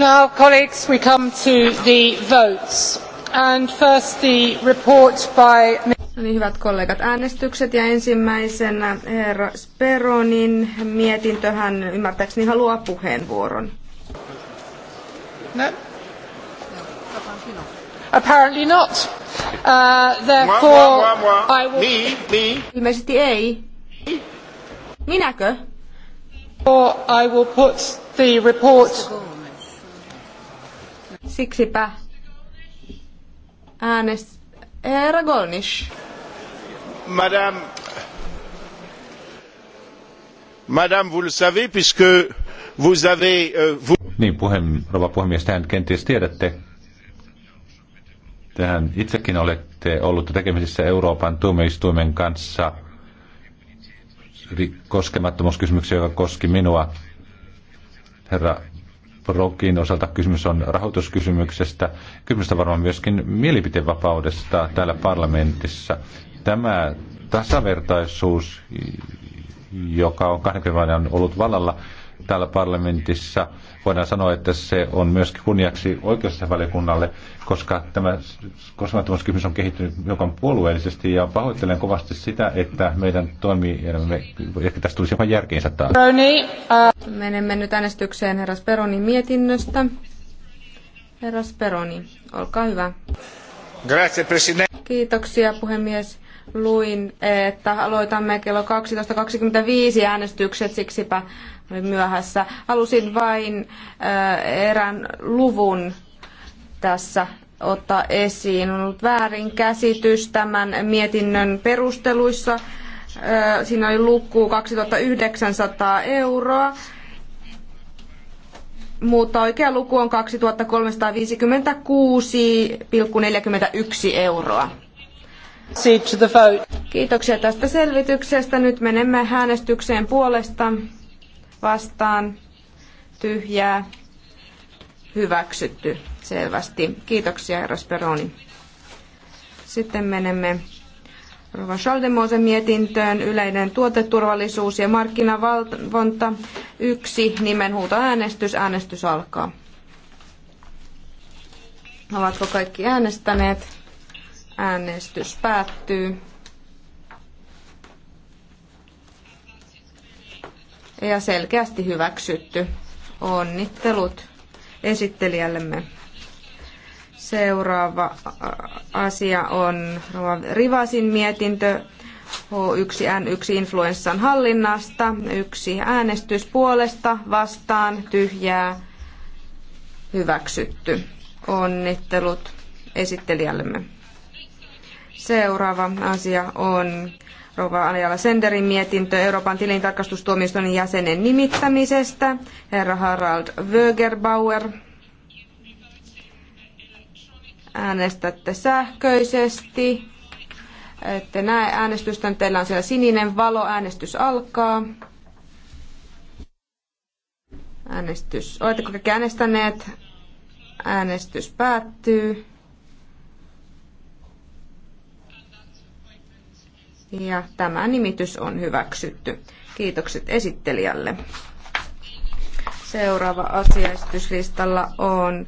Now, colleagues, we come to the votes. And first the report by... No niin, hyvät kollegat, äänestykset ja ensimmäisenä herra Speronin mietintö, hän ymmärtääkseni haluaa puheenvuoron. No. Apparently not. Uh, therefore, mua, mua, mua. I will... Me, me. Ilmeisesti ei. Minäkö? Or I will put the report... Siksipä äänes... Herra Golnish. Madame... Madame, vous le savez, puisque vous avez... Euh, Vous... Niin, puhem, rouva puhemies, tähän kenties tiedätte. Tähän itsekin olette ollut tekemisissä Euroopan tuomioistuimen kanssa koskemattomuuskysymyksiä, joka koski minua. Herra Brokin osalta kysymys on rahoituskysymyksestä. Kysymys on varmaan myöskin mielipiteenvapaudesta täällä parlamentissa. Tämä tasavertaisuus, joka on 20 vuoden ollut vallalla, täällä parlamentissa. Voidaan sanoa, että se on myöskin kunniaksi oikeusvaliokunnalle, koska tämä koskemattomuuskysymys on kehittynyt hiukan puolueellisesti ja pahoittelen kovasti sitä, että meidän toimii, ehkä tästä tulisi ihan järkeensä taas. Äh. Menemme nyt äänestykseen herra Speronin mietinnöstä. Herra Speroni, olkaa hyvä. Grazie, Kiitoksia puhemies luin, että aloitamme kello 12.25 äänestykset, siksipä olin myöhässä. Halusin vain äh, erään luvun tässä ottaa esiin. On ollut väärinkäsitys tämän mietinnön perusteluissa. Äh, siinä oli luku 2900 euroa, mutta oikea luku on 2356,41 euroa. Kiitoksia tästä selvityksestä. Nyt menemme äänestykseen puolesta vastaan tyhjää hyväksytty selvästi. Kiitoksia, Rasperoni. Sitten menemme Rova Scholdemosen mietintöön yleinen tuoteturvallisuus ja markkinavalvonta. Yksi nimenhuuto äänestys. Äänestys alkaa. Ovatko kaikki äänestäneet? Äänestys päättyy. Ja selkeästi hyväksytty. Onnittelut esittelijällemme. Seuraava äh, asia on Rivasin mietintö H1N1 influenssan hallinnasta. Yksi äänestys puolesta vastaan tyhjää hyväksytty. Onnittelut esittelijällemme. Seuraava asia on Rova Anjala Senderin mietintö Euroopan tilintarkastustuomioistuimen jäsenen nimittämisestä. Herra Harald Wögerbauer. Äänestätte sähköisesti. Ette näe äänestystä, teillä on siellä sininen valo, äänestys alkaa. Äänestys. Oletteko kaikki äänestäneet? Äänestys päättyy. Ja tämä nimitys on hyväksytty. Kiitokset esittelijälle. Seuraava asiaistuslistalla on eh,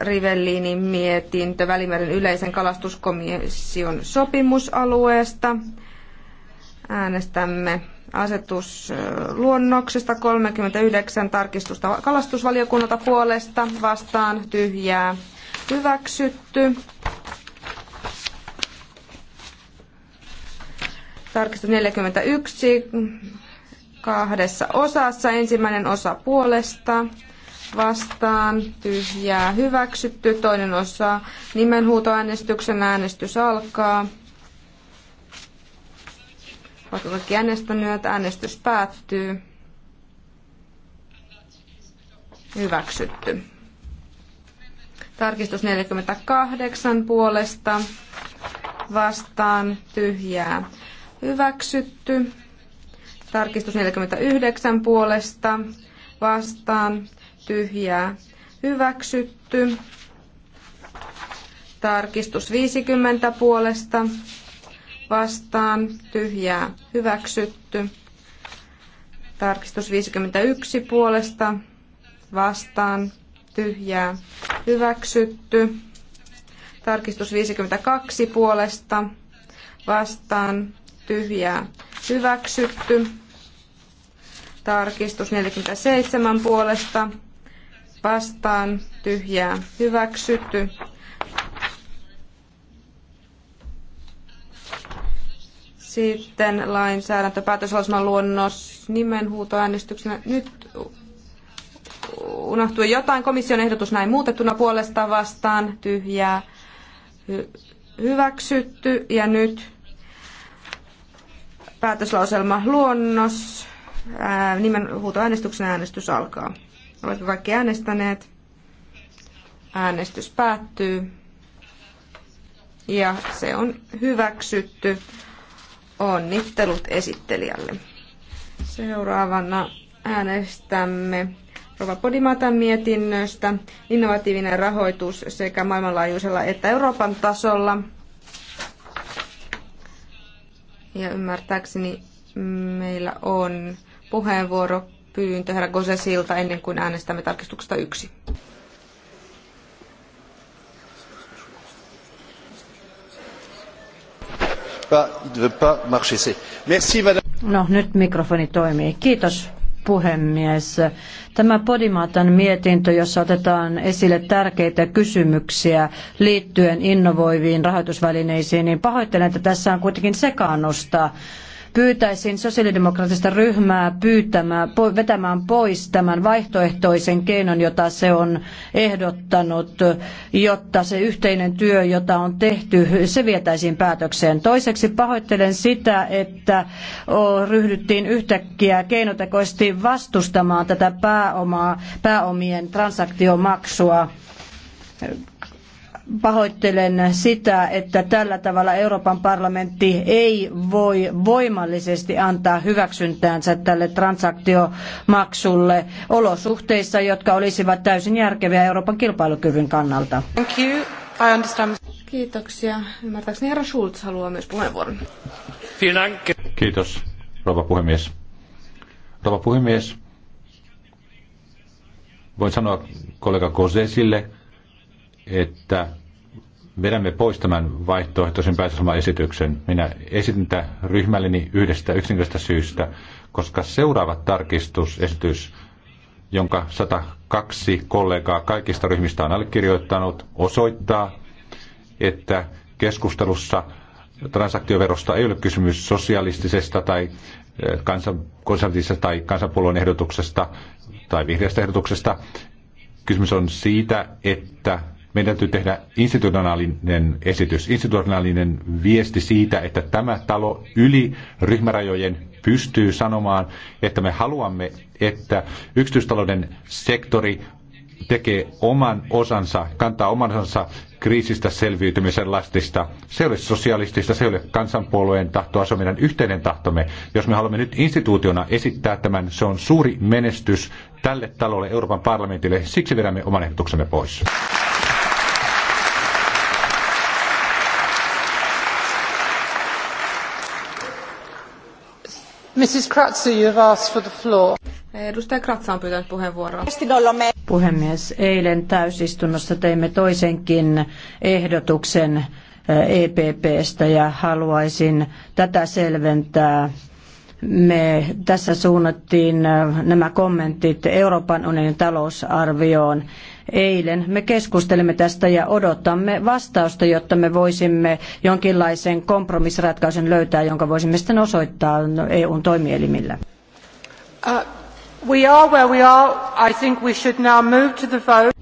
Rivellinin mietintö Välimeren yleisen kalastuskomission sopimusalueesta. Äänestämme asetusluonnoksesta 39 tarkistusta kalastusvaliokunnalta puolesta vastaan tyhjää hyväksytty. Tarkistus 41 kahdessa osassa. Ensimmäinen osa puolesta vastaan, tyhjää hyväksytty. Toinen osa nimenhuutoäänestyksen äänestys alkaa. Vaikka kaikki äänestänyt, Äänestys päättyy. Hyväksytty. Tarkistus 48 puolesta vastaan tyhjää hyväksytty. Tarkistus 49 puolesta vastaan tyhjää hyväksytty. Tarkistus 50 puolesta vastaan tyhjää hyväksytty. Tarkistus 51 puolesta vastaan tyhjää hyväksytty. Tarkistus 52 puolesta vastaan tyhjää hyväksytty. Tarkistus 47 puolesta vastaan tyhjää hyväksytty. Sitten lainsäädäntöpäätöslausman luonnos nimenhuutoäänestyksenä. Nyt unohtui jotain. Komission ehdotus näin muutettuna puolesta vastaan tyhjää hy- hyväksytty. Ja nyt päätöslauselma luonnos. Nimen huutoäänestyksen äänestys alkaa. Olette kaikki äänestäneet? Äänestys päättyy. Ja se on hyväksytty. Onnittelut esittelijälle. Seuraavana äänestämme Rova Podimatan mietinnöstä innovatiivinen rahoitus sekä maailmanlaajuisella että Euroopan tasolla. Ja ymmärtääkseni meillä on pyyntö herra Gosesilta ennen kuin äänestämme tarkistuksesta yksi. No, nyt mikrofoni toimii. Kiitos puhemies. Tämä Podimatan mietintö, jossa otetaan esille tärkeitä kysymyksiä liittyen innovoiviin rahoitusvälineisiin, niin pahoittelen, että tässä on kuitenkin sekaannusta Pyytäisin sosiaalidemokraattista ryhmää pyytämään, vetämään pois tämän vaihtoehtoisen keinon, jota se on ehdottanut, jotta se yhteinen työ, jota on tehty, se vietäisiin päätökseen. Toiseksi pahoittelen sitä, että ryhdyttiin yhtäkkiä keinotekoisesti vastustamaan tätä pääomaa, pääomien transaktiomaksua Pahoittelen sitä, että tällä tavalla Euroopan parlamentti ei voi voimallisesti antaa hyväksyntäänsä tälle transaktiomaksulle olosuhteissa, jotka olisivat täysin järkeviä Euroopan kilpailukyvyn kannalta. Thank you. I understand. Kiitoksia. Ymmärtääkseni herra Schulz haluaa myös puheenvuoron. Kiitos, rouva puhemies. Rouva puhemies, voin sanoa kollega Kosesille, että vedämme pois tämän vaihtoehtoisen päätöslauselmaesityksen. Minä esitin tätä ryhmälleni yhdestä yksinkertaisesta syystä, koska seuraava tarkistusesitys, jonka 102 kollegaa kaikista ryhmistä on allekirjoittanut, osoittaa, että keskustelussa transaktioverosta ei ole kysymys sosialistisesta tai eh, konservatiivisesta tai kansanpuolueen ehdotuksesta tai vihreästä ehdotuksesta. Kysymys on siitä, että meidän täytyy tehdä institutionaalinen esitys, institutionaalinen viesti siitä, että tämä talo yli ryhmärajojen pystyy sanomaan, että me haluamme, että yksityistalouden sektori tekee oman osansa, kantaa oman osansa kriisistä selviytymisen lastista. Se ei ole sosialistista, se ei ole kansanpuolueen tahtoa, se on meidän yhteinen tahtomme. Jos me haluamme nyt instituutiona esittää tämän, se on suuri menestys tälle talolle Euroopan parlamentille. Siksi vedämme oman ehdotuksemme pois. Mrs. Kratsa, you've Edustaja Kratsa on pyytänyt puheenvuoroa. Puhemies, eilen täysistunnossa teimme toisenkin ehdotuksen EPPstä ja haluaisin tätä selventää me tässä suunnattiin äh, nämä kommentit Euroopan unionin talousarvioon eilen. Me keskustelimme tästä ja odotamme vastausta, jotta me voisimme jonkinlaisen kompromissiratkaisun löytää, jonka voisimme sitten osoittaa EUn toimielimillä. Uh,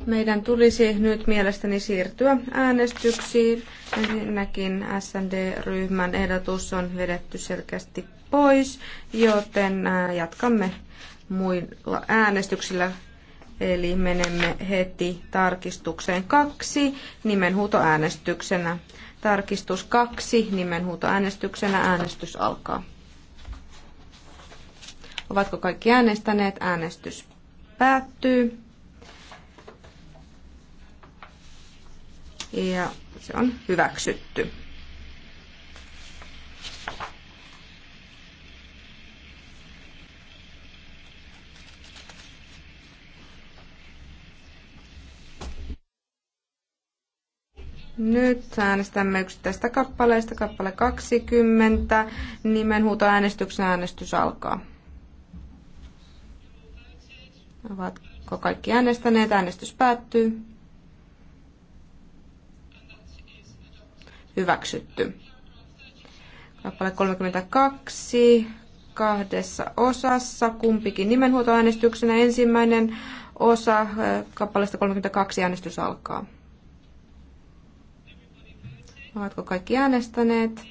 Meidän tulisi nyt mielestäni siirtyä äänestyksiin. Ensinnäkin SND-ryhmän ehdotus on vedetty selkeästi pois, joten jatkamme muilla äänestyksillä. Eli menemme heti tarkistukseen kaksi nimenhuutoäänestyksenä. Tarkistus kaksi nimenhuutoäänestyksenä. Äänestys alkaa. Ovatko kaikki äänestäneet? Äänestys päättyy. Ja se on hyväksytty. Nyt äänestämme yksittäistä kappaleista. Kappale 20. äänestyksen äänestys alkaa. Ovatko kaikki äänestäneet? Äänestys päättyy. Hyväksytty. Kappale 32 kahdessa osassa, kumpikin nimenhuutoäänestyksenä. Ensimmäinen osa kappaleesta 32 äänestys alkaa. Ovatko kaikki äänestäneet?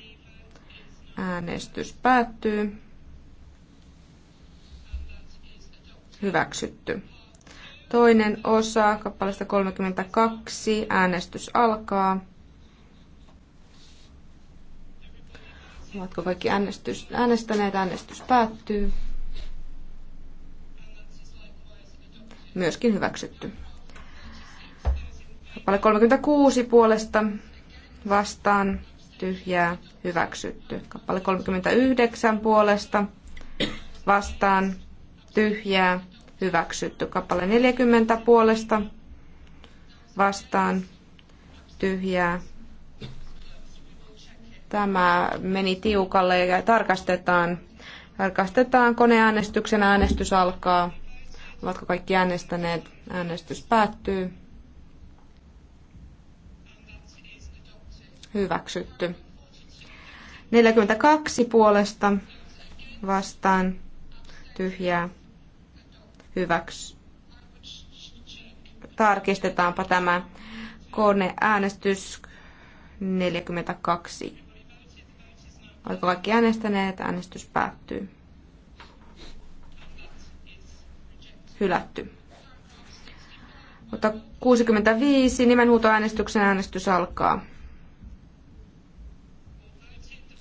Äänestys päättyy. Hyväksytty. Toinen osa kappaleesta 32. Äänestys alkaa. Ovatko kaikki äänestys, äänestäneet? Äänestys päättyy. Myöskin hyväksytty. Kappale 36 puolesta vastaan tyhjää hyväksytty. Kappale 39 puolesta vastaan tyhjää hyväksytty. Kappale 40 puolesta vastaan tyhjää. Tämä meni tiukalle ja tarkastetaan. Tarkastetaan koneäänestyksen äänestys alkaa. Ovatko kaikki äänestäneet? Äänestys päättyy. hyväksytty. 42 puolesta vastaan tyhjää hyväksy. Tarkistetaanpa tämä koneäänestys 42. Oletko kaikki äänestäneet? Äänestys päättyy. Hylätty. Mutta 65 nimenhuutoäänestyksen äänestys alkaa.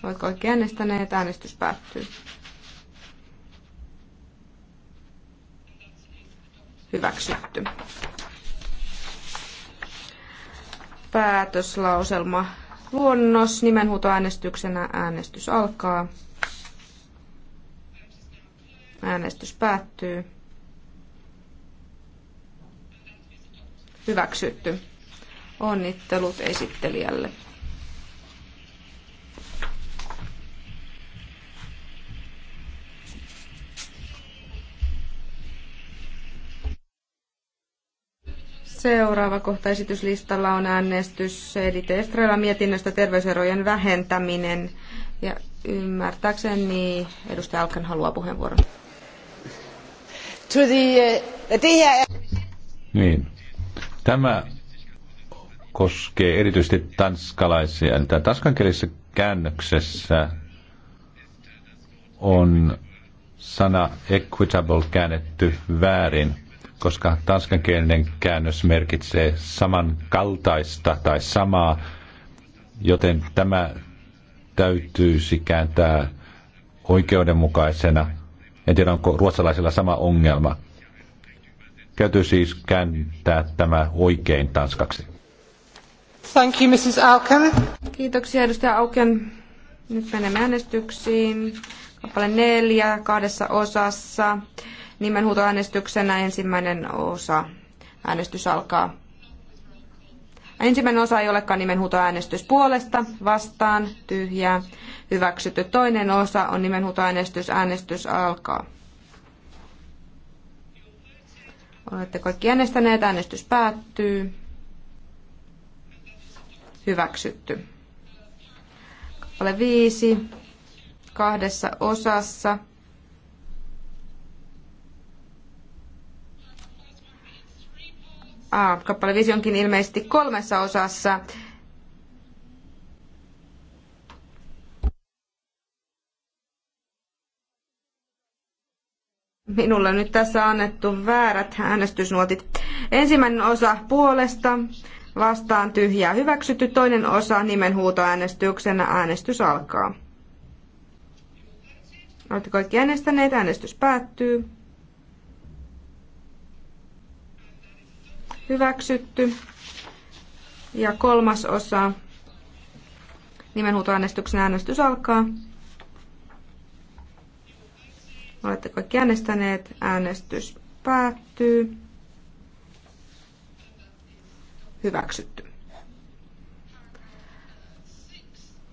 Oletko kaikki äänestäneet? Äänestys päättyy. Hyväksytty. Päätöslauselma luonnos. Nimenhuutoäänestyksenä äänestys alkaa. Äänestys päättyy. Hyväksytty. Onnittelut esittelijälle. Seuraava kohta esityslistalla on äänestys eli Estrella mietinnöstä terveyserojen vähentäminen. Ja ymmärtääkseni edustaja Alkan haluaa puheenvuoron. Uh, uh, niin. Tämä koskee erityisesti tanskalaisia. Tämä tanskankielisessä käännöksessä on sana equitable käännetty väärin koska tanskankielinen käännös merkitsee samankaltaista tai samaa, joten tämä täytyisi kääntää oikeudenmukaisena. En tiedä, onko ruotsalaisilla sama ongelma. Käytyy siis kääntää tämä oikein tanskaksi. Thank you, Mrs. Auken. Kiitoksia, edustaja Auken. Nyt menemme äänestyksiin kappale neljä kahdessa osassa. Nimenhuutoäänestyksenä ensimmäinen osa. Äänestys alkaa. Ensimmäinen osa ei olekaan nimenhuutoäänestys puolesta, vastaan, tyhjää, hyväksytty. Toinen osa on nimenhuutoäänestys, äänestys alkaa. Olette kaikki äänestäneet, äänestys päättyy. Hyväksytty. Kappale viisi kahdessa osassa. Ah, kappale 5 onkin ilmeisesti kolmessa osassa. Minulle on nyt tässä annettu väärät äänestysnuotit. Ensimmäinen osa puolesta, vastaan tyhjää hyväksytty, toinen osa nimenhuutoäänestyksenä äänestys alkaa. Olette kaikki äänestäneet. Äänestys päättyy. Hyväksytty. Ja kolmas osa. Nimenhuutoäänestyksen äänestys alkaa. Olette kaikki äänestäneet. Äänestys päättyy. Hyväksytty.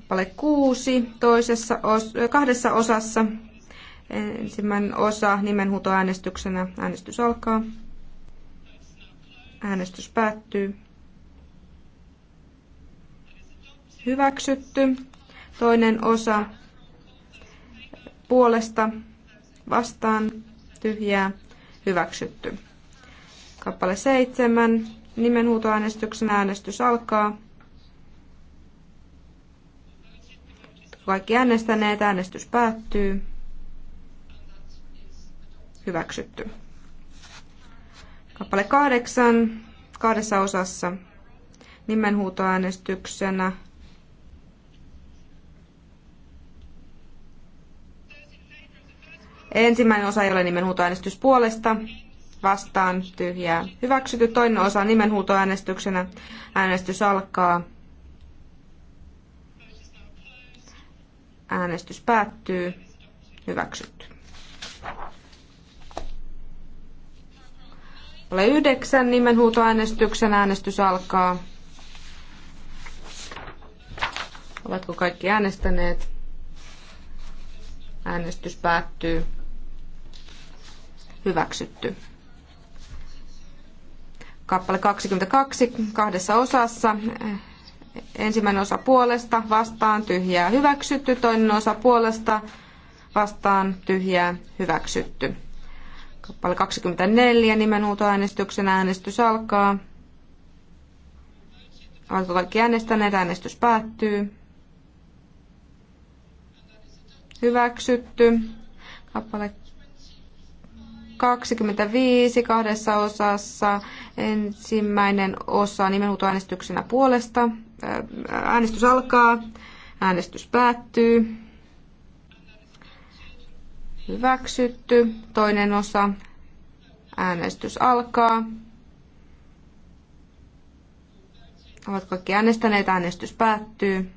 Pale kuusi toisessa os- kahdessa osassa. Ensimmäinen osa nimenhuutoäänestyksenä. Äänestys alkaa. Äänestys päättyy. Hyväksytty. Toinen osa puolesta vastaan tyhjää hyväksytty. Kappale 7. Nimenhuutoäänestyksen äänestys alkaa. Kaikki äänestäneet, äänestys päättyy hyväksytty. Kappale kahdeksan kahdessa osassa nimenhuutoäänestyksenä. Ensimmäinen osa ei ole nimenhuutoäänestys puolesta, vastaan tyhjää. Hyväksytty toinen osa nimenhuutoäänestyksenä. Äänestys alkaa. Äänestys päättyy. Hyväksytty. Ole yhdeksän nimenhuutoäänestyksen äänestys alkaa. Ovatko kaikki äänestäneet? Äänestys päättyy. Hyväksytty. Kappale 22 kahdessa osassa. Ensimmäinen osa puolesta, vastaan, tyhjää, hyväksytty. Toinen osa puolesta, vastaan, tyhjää, hyväksytty. Kappale 24 äänestyksen äänestys alkaa. Oletko kaikki äänestäneet? Äänestys päättyy. Hyväksytty. Kappale 25 kahdessa osassa. Ensimmäinen osa nimenhuutoäänestyksenä puolesta. Äänestys alkaa. Äänestys päättyy. Hyväksytty. Toinen osa. Äänestys alkaa. Ovat kaikki äänestäneet. Äänestys päättyy.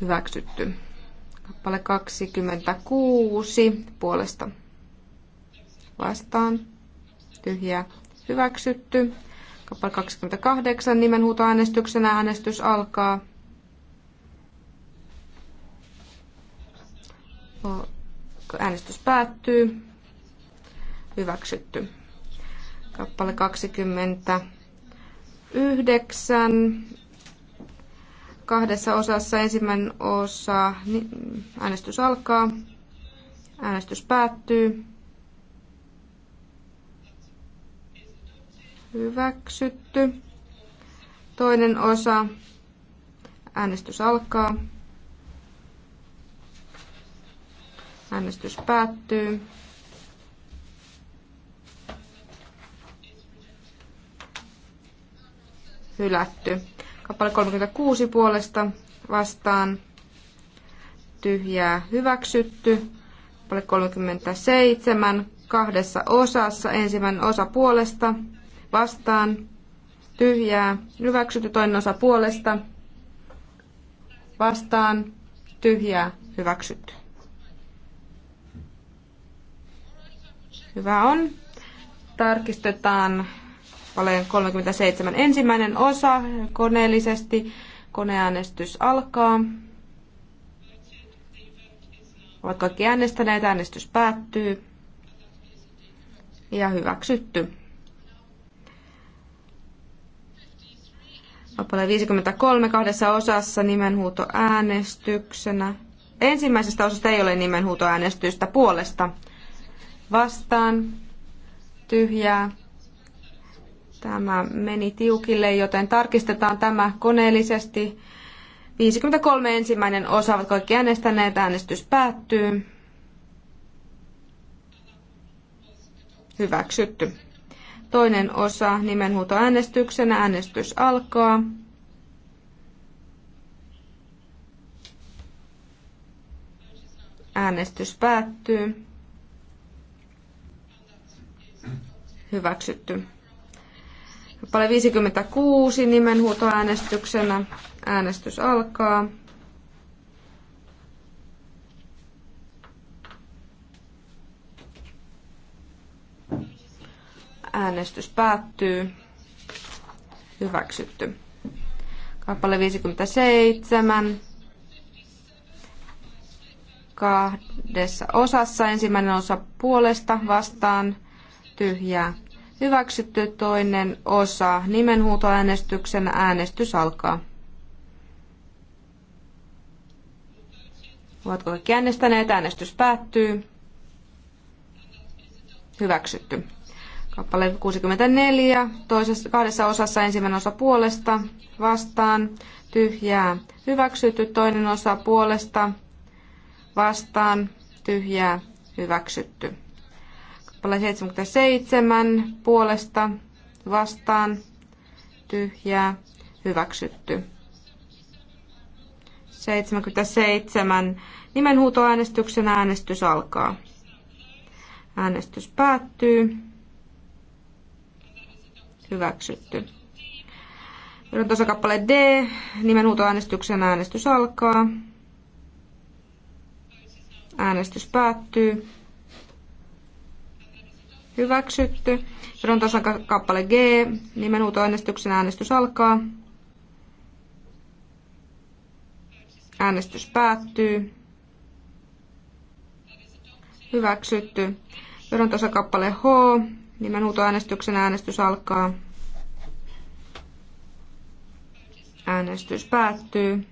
Hyväksytty. Kappale 26 puolesta vastaan. Tyhjä. Hyväksytty. Kappale 28 nimenhuutoäänestyksenä äänestys alkaa. Äänestys päättyy. Hyväksytty. Kappale 29. Kahdessa osassa ensimmäinen osa. Äänestys alkaa. Äänestys päättyy. Hyväksytty. Toinen osa. Äänestys alkaa. Äänestys päättyy. Hylätty. Kappale 36 puolesta vastaan. Tyhjää hyväksytty. Kappale 37 kahdessa osassa. Ensimmäinen osa puolesta vastaan. Tyhjää hyväksytty. Toinen osa puolesta vastaan. Tyhjää hyväksytty. Hyvä on. Tarkistetaan paljon 37 ensimmäinen osa koneellisesti. Koneäänestys alkaa. Ovat kaikki äänestäneet, äänestys päättyy. Ja hyväksytty. Kappale 53 kahdessa osassa nimenhuutoäänestyksenä. Ensimmäisestä osasta ei ole nimenhuutoäänestystä puolesta vastaan tyhjää. Tämä meni tiukille, joten tarkistetaan tämä koneellisesti. 53 ensimmäinen osa ovat kaikki äänestäneet. Äänestys päättyy. Hyväksytty. Toinen osa nimenhuutoäänestyksenä. Äänestys alkaa. Äänestys päättyy. hyväksytty. Pale 56 nimenhuutoäänestyksenä. Äänestys alkaa. Äänestys päättyy. Hyväksytty. Kappale 57. Kahdessa osassa. Ensimmäinen osa puolesta vastaan tyhjää. Hyväksytty toinen osa nimenhuutoäänestyksen äänestys alkaa. Ovatko kaikki äänestäneet? Äänestys päättyy. Hyväksytty. Kappale 64, toisessa, kahdessa osassa ensimmäinen osa puolesta, vastaan, tyhjää. Hyväksytty toinen osa puolesta, vastaan, tyhjää, hyväksytty. Kappale 77 puolesta vastaan tyhjää hyväksytty. 77. Nimenhuutoäänestyksen äänestys alkaa. Äänestys päättyy. Hyväksytty. Yhden tasakappale D. Nimenhuutoäänestyksen äänestys alkaa. Äänestys päättyy hyväksytty. Rontosan kappale G, nimenhuutoäänestyksen äänestys alkaa. Äänestys päättyy. Hyväksytty. kappale H. äänestyksen äänestys alkaa. Äänestys päättyy.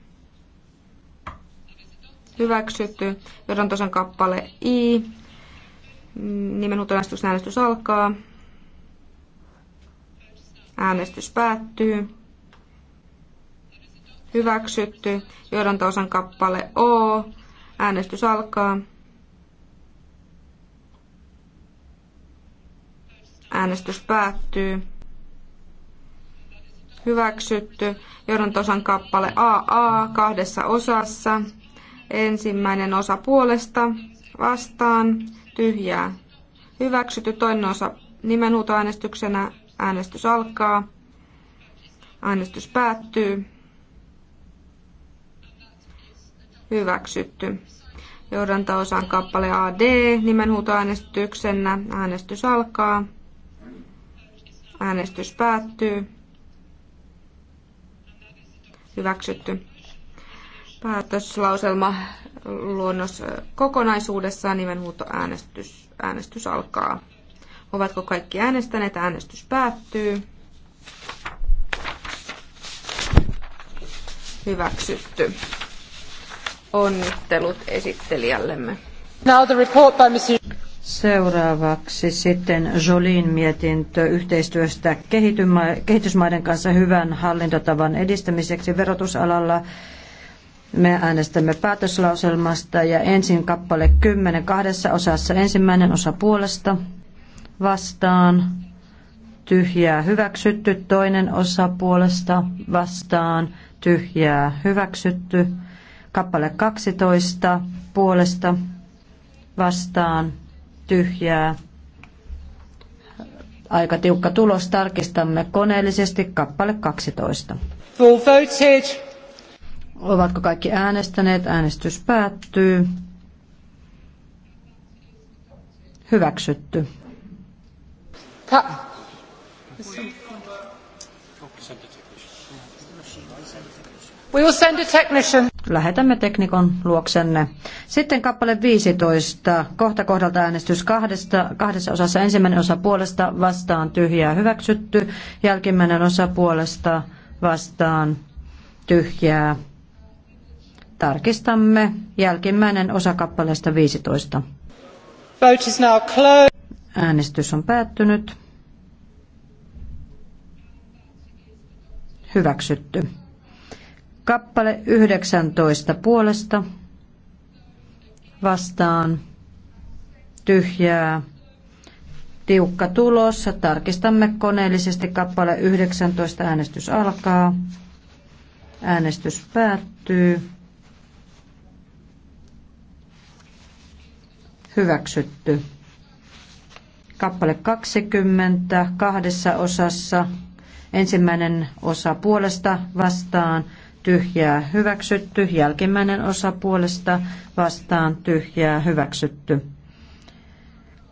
Hyväksytty. Verontasan kappale I äänestys alkaa. Äänestys päättyy. Hyväksytty. johdanto kappale O. Äänestys alkaa. Äänestys päättyy. Hyväksytty. Johdantosan kappale AA kahdessa osassa. Ensimmäinen osa puolesta vastaan tyhjää. Hyväksytty toinen osa nimenhuutoäänestyksenä. Äänestys alkaa. Äänestys päättyy. Hyväksytty. Johdantaosan kappale AD nimenhuutoäänestyksenä. Äänestys alkaa. Äänestys päättyy. Hyväksytty päätöslauselma luonnos kokonaisuudessaan nimenhuuto äänestys, äänestys alkaa. Ovatko kaikki äänestäneet? Äänestys päättyy. Hyväksytty. Onnittelut esittelijällemme. Now the report by Mr. Seuraavaksi sitten Jolin mietintö yhteistyöstä kehitysmaiden kanssa hyvän hallintotavan edistämiseksi verotusalalla. Me äänestämme päätöslauselmasta ja ensin kappale 10 kahdessa osassa. Ensimmäinen osa puolesta vastaan, tyhjää hyväksytty. Toinen osa puolesta vastaan, tyhjää hyväksytty. Kappale 12 puolesta vastaan, tyhjää. Aika tiukka tulos. Tarkistamme koneellisesti kappale 12. Full voted. Ovatko kaikki äänestäneet? Äänestys päättyy. Hyväksytty. Ta- We will send a technician. Lähetämme teknikon luoksenne. Sitten kappale 15. Kohta kohdalta äänestys kahdesta, kahdessa osassa. Ensimmäinen osa puolesta vastaan tyhjää hyväksytty. Jälkimmäinen osa puolesta vastaan tyhjää Tarkistamme jälkimmäinen osa kappaleesta 15. Vote is now closed. Äänestys on päättynyt. Hyväksytty. Kappale 19 puolesta vastaan tyhjää. Tiukka tulos. Tarkistamme koneellisesti kappale 19. Äänestys alkaa. Äänestys päättyy. hyväksytty. Kappale 20 kahdessa osassa. Ensimmäinen osa puolesta vastaan tyhjää hyväksytty, jälkimmäinen osa puolesta vastaan tyhjää hyväksytty.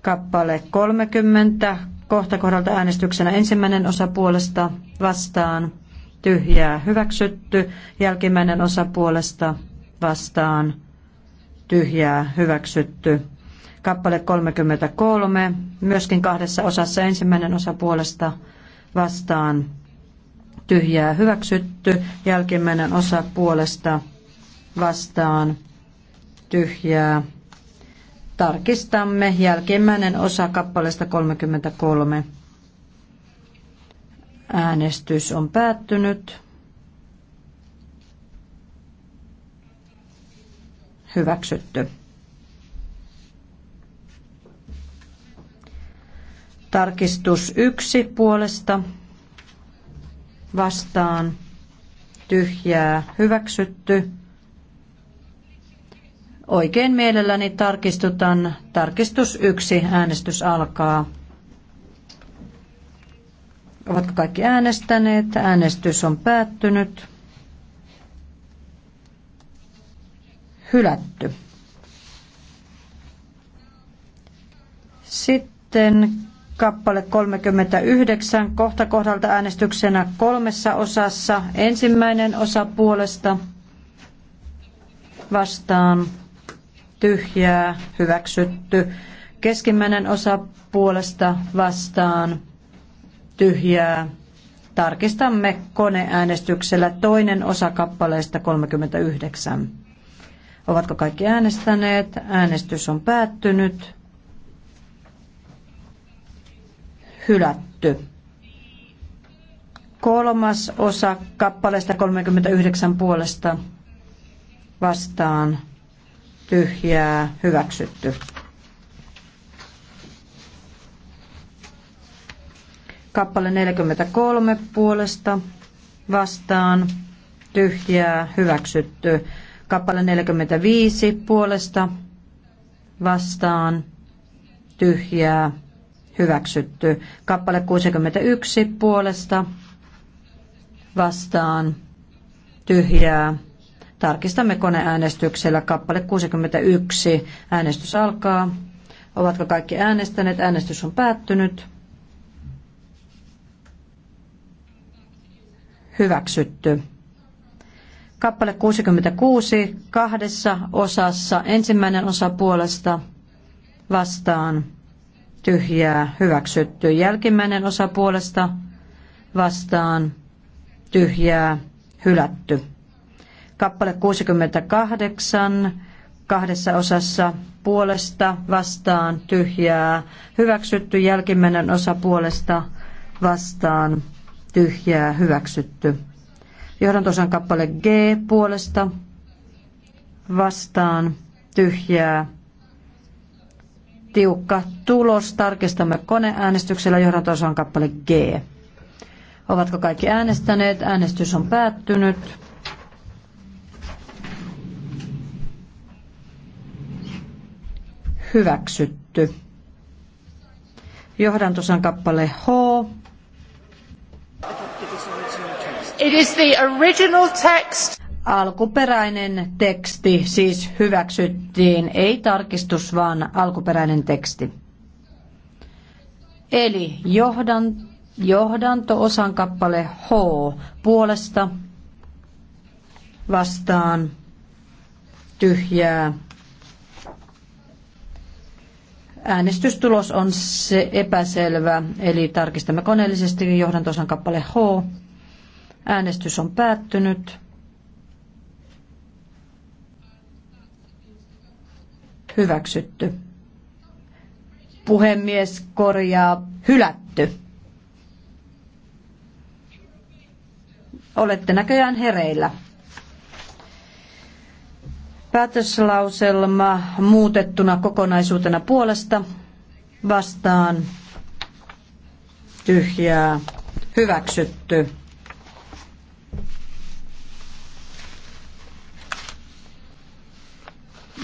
Kappale 30 kohta kohdalta äänestyksenä ensimmäinen osa puolesta vastaan tyhjää hyväksytty, jälkimmäinen osa puolesta vastaan tyhjää hyväksytty kappale 33, myöskin kahdessa osassa ensimmäinen osa puolesta vastaan tyhjää hyväksytty, jälkimmäinen osa puolesta vastaan tyhjää. Tarkistamme jälkimmäinen osa kappaleesta 33. Äänestys on päättynyt. Hyväksytty. Tarkistus yksi puolesta vastaan tyhjää hyväksytty. Oikein mielelläni tarkistutan. Tarkistus yksi Äänestys alkaa. Ovatko kaikki äänestäneet? Äänestys on päättynyt. Hylätty. Sitten kappale 39 kohta kohdalta äänestyksenä kolmessa osassa. Ensimmäinen osa puolesta vastaan tyhjää hyväksytty. Keskimmäinen osa puolesta vastaan tyhjää. Tarkistamme koneäänestyksellä toinen osa kappaleesta 39. Ovatko kaikki äänestäneet? Äänestys on päättynyt. hylätty. Kolmas osa kappaleesta 39 puolesta vastaan tyhjää hyväksytty. Kappale 43 puolesta vastaan tyhjää hyväksytty. Kappale 45 puolesta vastaan tyhjää hyväksytty. Kappale 61 puolesta vastaan tyhjää. Tarkistamme koneäänestyksellä. Kappale 61. Äänestys alkaa. Ovatko kaikki äänestäneet? Äänestys on päättynyt. Hyväksytty. Kappale 66 kahdessa osassa. Ensimmäinen osa puolesta vastaan tyhjää hyväksytty. Jälkimmäinen osa puolesta vastaan tyhjää hylätty. Kappale 68 kahdessa osassa puolesta vastaan tyhjää hyväksytty. Jälkimmäinen osa puolesta vastaan tyhjää hyväksytty. Johdantosan kappale G puolesta vastaan tyhjää tiukka tulos. Tarkistamme koneäänestyksellä johdantosan kappale G. Ovatko kaikki äänestäneet? Äänestys on päättynyt. Hyväksytty. Johdantosan kappale H. It is the original text alkuperäinen teksti siis hyväksyttiin, ei tarkistus, vaan alkuperäinen teksti. Eli johdan, johdanto-osan kappale H puolesta vastaan tyhjää. Äänestystulos on se epäselvä, eli tarkistamme koneellisesti johdantosan kappale H. Äänestys on päättynyt. hyväksytty. Puhemies korjaa hylätty. Olette näköjään hereillä. Päätöslauselma muutettuna kokonaisuutena puolesta vastaan tyhjää hyväksytty.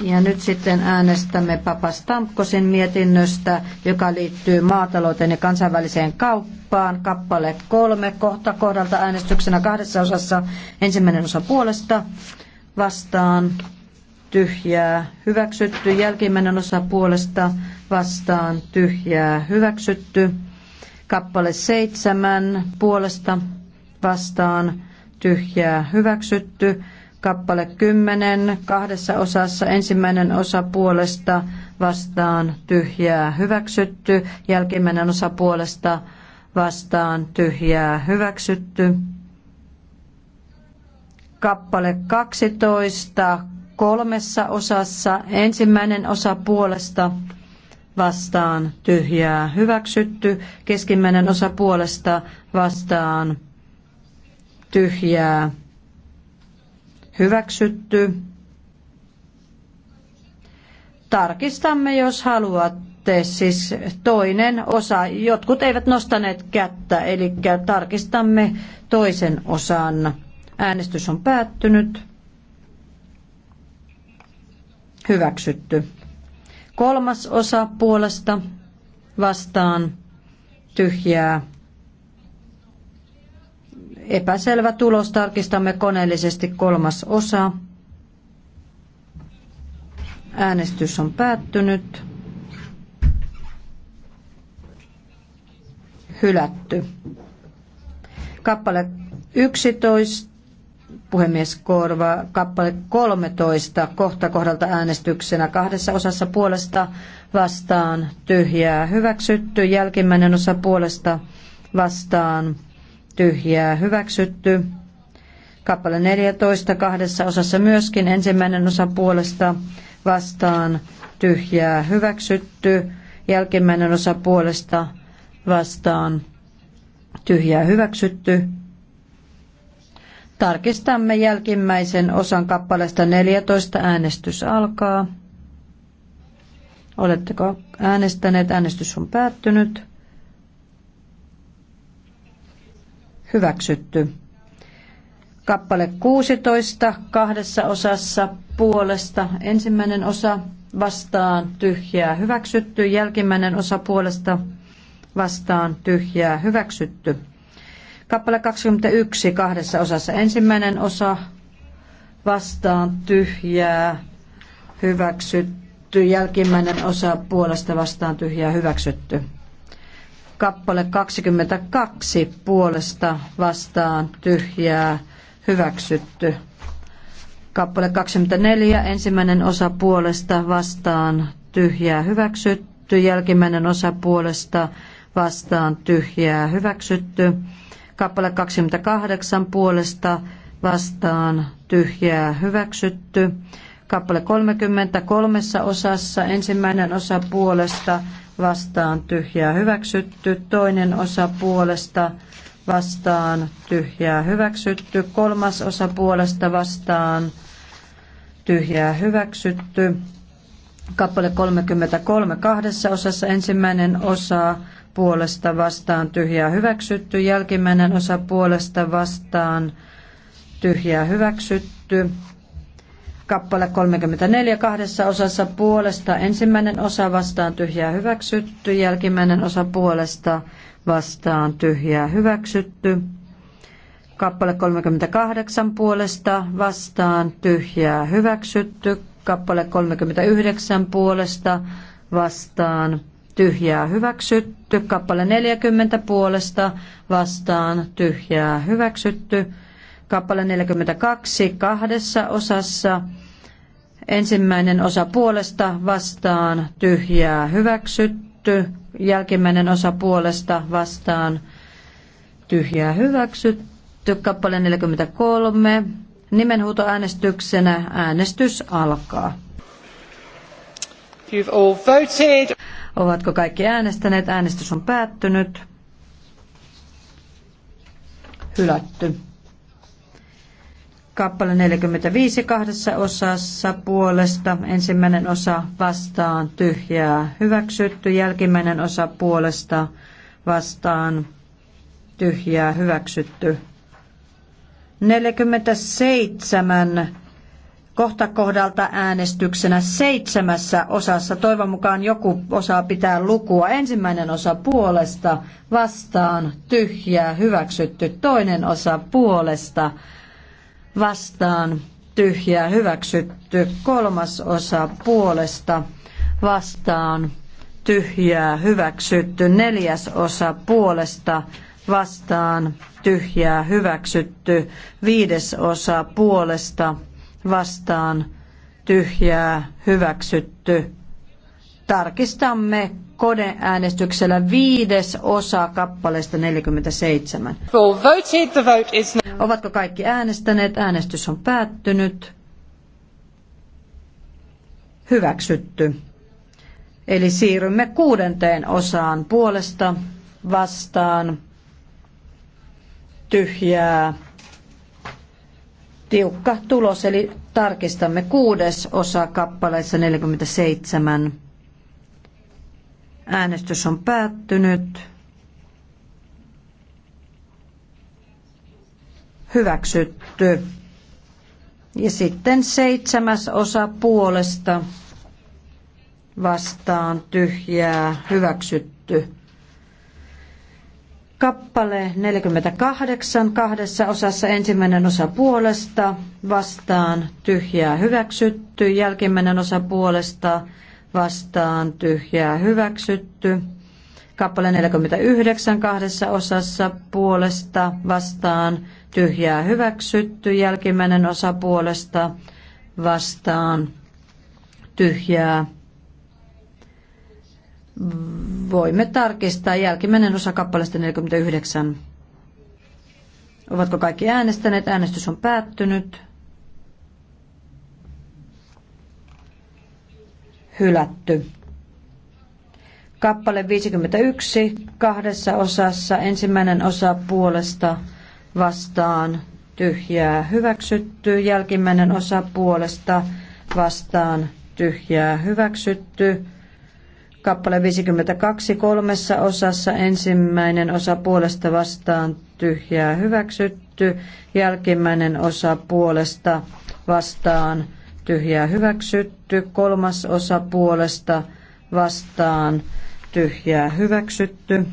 Ja nyt sitten äänestämme Papastamkosin mietinnöstä, joka liittyy maatalouteen ja kansainväliseen kauppaan. Kappale kolme kohta kohdalta äänestyksenä kahdessa osassa. Ensimmäinen osa puolesta vastaan tyhjää hyväksytty. Jälkimmäinen osa puolesta vastaan tyhjää hyväksytty. Kappale seitsemän puolesta vastaan tyhjää hyväksytty kappale 10 kahdessa osassa. Ensimmäinen osa puolesta vastaan tyhjää hyväksytty. Jälkimmäinen osa puolesta vastaan tyhjää hyväksytty. Kappale 12 kolmessa osassa. Ensimmäinen osa puolesta vastaan tyhjää hyväksytty. Keskimmäinen osa puolesta vastaan tyhjää Hyväksytty. Tarkistamme, jos haluatte. Siis toinen osa. Jotkut eivät nostaneet kättä, eli tarkistamme toisen osan. Äänestys on päättynyt. Hyväksytty. Kolmas osa puolesta vastaan tyhjää Epäselvä tulos tarkistamme koneellisesti kolmas osa. Äänestys on päättynyt. Hylätty. Kappale 11, puhemies korva, kappale 13, kohta kohdalta äänestyksenä kahdessa osassa puolesta vastaan tyhjää hyväksytty, jälkimmäinen osa puolesta vastaan tyhjää hyväksytty. Kappale 14 kahdessa osassa myöskin ensimmäinen osa puolesta vastaan tyhjää hyväksytty. Jälkimmäinen osa puolesta vastaan tyhjää hyväksytty. Tarkistamme jälkimmäisen osan kappaleesta 14. Äänestys alkaa. Oletteko äänestäneet? Äänestys on päättynyt. hyväksytty. Kappale 16 kahdessa osassa puolesta. Ensimmäinen osa vastaan tyhjää hyväksytty, jälkimmäinen osa puolesta vastaan tyhjää hyväksytty. Kappale 21 kahdessa osassa. Ensimmäinen osa vastaan tyhjää hyväksytty, jälkimmäinen osa puolesta vastaan tyhjää hyväksytty kappale 22 puolesta vastaan tyhjää hyväksytty. Kappale 24 ensimmäinen osa puolesta vastaan tyhjää hyväksytty. Jälkimmäinen osa puolesta vastaan tyhjää hyväksytty. Kappale 28 puolesta vastaan tyhjää hyväksytty. Kappale 33 kolmessa osassa ensimmäinen osa puolesta vastaan vastaan tyhjää hyväksytty, toinen osa puolesta vastaan tyhjää hyväksytty, kolmas osa puolesta vastaan tyhjää hyväksytty. Kappale 33 kahdessa osassa ensimmäinen osa puolesta vastaan tyhjää hyväksytty, jälkimmäinen osa puolesta vastaan tyhjää hyväksytty kappale 34 kahdessa osassa puolesta. Ensimmäinen osa vastaan tyhjää hyväksytty, jälkimmäinen osa puolesta vastaan tyhjää hyväksytty. Kappale 38 puolesta vastaan tyhjää hyväksytty. Kappale 39 puolesta vastaan tyhjää hyväksytty. Kappale 40 puolesta vastaan tyhjää hyväksytty kappale 42 kahdessa osassa. Ensimmäinen osa puolesta vastaan tyhjää hyväksytty. Jälkimmäinen osa puolesta vastaan tyhjää hyväksytty. Kappale 43. Nimenhuutoäänestyksenä äänestys alkaa. You've all voted. Ovatko kaikki äänestäneet? Äänestys on päättynyt. Hylätty kappale 45 kahdessa osassa puolesta. Ensimmäinen osa vastaan tyhjää hyväksytty, jälkimmäinen osa puolesta vastaan tyhjää hyväksytty. 47 kohta kohdalta äänestyksenä seitsemässä osassa. Toivon mukaan joku osaa pitää lukua. Ensimmäinen osa puolesta, vastaan, tyhjää, hyväksytty. Toinen osa puolesta, vastaan tyhjää hyväksytty. Kolmas osa puolesta vastaan tyhjää hyväksytty. Neljäs osa puolesta vastaan tyhjää hyväksytty. Viides osa puolesta vastaan tyhjää hyväksytty. Tarkistamme koneäänestyksellä viides osa kappaleesta 47. Ovatko kaikki äänestäneet? Äänestys on päättynyt. Hyväksytty. Eli siirrymme kuudenteen osaan puolesta vastaan tyhjää tiukka tulos, eli tarkistamme kuudes osa kappaleessa 47. Äänestys on päättynyt. Hyväksytty. Ja sitten seitsemäs osa puolesta vastaan tyhjää hyväksytty. Kappale 48 kahdessa osassa ensimmäinen osa puolesta vastaan tyhjää hyväksytty, jälkimmäinen osa puolesta vastaan tyhjää hyväksytty. Kappale 49 kahdessa osassa puolesta vastaan tyhjää hyväksytty. Jälkimmäinen osa puolesta vastaan tyhjää. Voimme tarkistaa jälkimmäinen osa kappaleesta 49. Ovatko kaikki äänestäneet? Äänestys on päättynyt. hylätty. Kappale 51 kahdessa osassa. Ensimmäinen osa puolesta vastaan tyhjää hyväksytty. Jälkimmäinen osa puolesta vastaan tyhjää hyväksytty. Kappale 52 kolmessa osassa. Ensimmäinen osa puolesta vastaan tyhjää hyväksytty. Jälkimmäinen osa puolesta vastaan tyhjää tyhjää hyväksytty, kolmas osa puolesta vastaan tyhjää hyväksytty.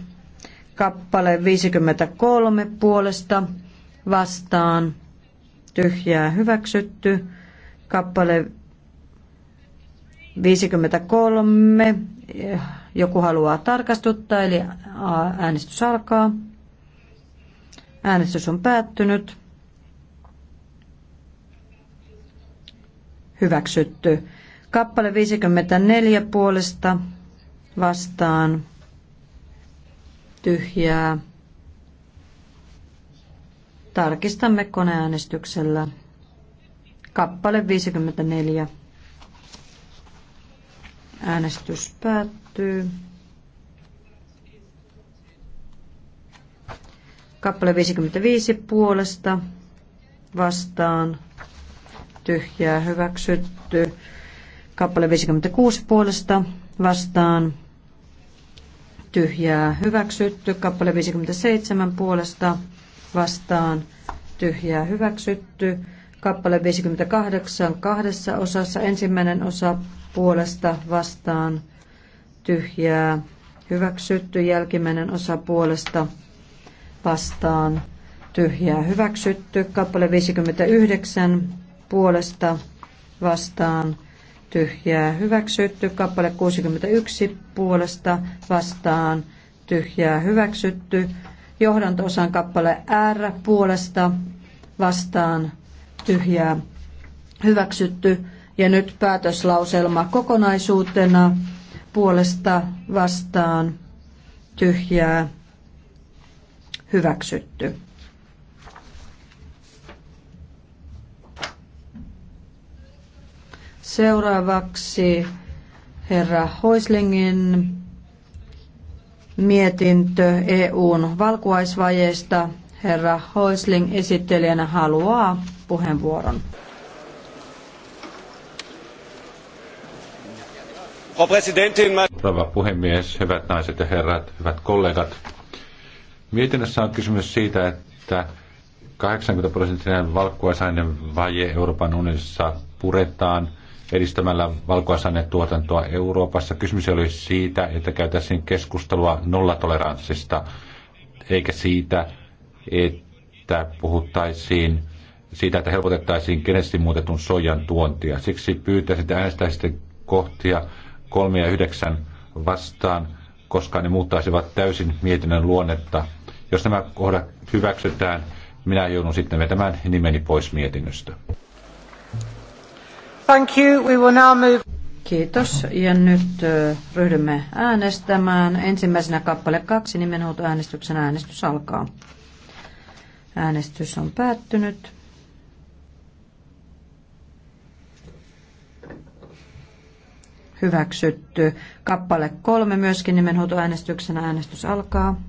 Kappale 53 puolesta vastaan tyhjää hyväksytty. Kappale 53 joku haluaa tarkastuttaa, eli äänestys alkaa. Äänestys on päättynyt. hyväksytty. Kappale 54 puolesta vastaan tyhjää. Tarkistamme koneäänestyksellä. Kappale 54. Äänestys päättyy. Kappale 55 puolesta vastaan tyhjää hyväksytty. Kappale 56 puolesta vastaan tyhjää hyväksytty. Kappale 57 puolesta vastaan tyhjää hyväksytty. Kappale 58 kahdessa osassa ensimmäinen osa puolesta vastaan tyhjää hyväksytty. Jälkimmäinen osa puolesta vastaan tyhjää hyväksytty. Kappale 59 puolesta vastaan tyhjää hyväksytty. Kappale 61 puolesta vastaan tyhjää hyväksytty. johdanto kappale R puolesta vastaan tyhjää hyväksytty. Ja nyt päätöslauselma kokonaisuutena puolesta vastaan tyhjää hyväksytty. Seuraavaksi herra Hoislingin mietintö EUn valkuaisvajeesta. Herra Hoisling esittelijänä haluaa puheenvuoron. Rouva puhemies, hyvät naiset ja herrat, hyvät kollegat. Mietinnössä on kysymys siitä, että 80 prosenttinen valkuaisainen vaje Euroopan unionissa puretaan edistämällä valkoasannetuotantoa Euroopassa. Kysymys oli siitä, että käytäisiin keskustelua nollatoleranssista, eikä siitä, että puhuttaisiin siitä, että helpotettaisiin kenesti muutetun soijan tuontia. Siksi pyytäisin, että äänestäisitte kohtia 3 ja 9 vastaan, koska ne muuttaisivat täysin mietinnön luonnetta. Jos nämä kohdat hyväksytään, minä joudun sitten vetämään nimeni pois mietinnöstä. Thank you. We will now move... Kiitos. Ja nyt ryhdymme äänestämään. Ensimmäisenä kappale kaksi äänestyksen äänestys alkaa. Äänestys on päättynyt. Hyväksytty. Kappale kolme myöskin äänestyksen äänestys alkaa.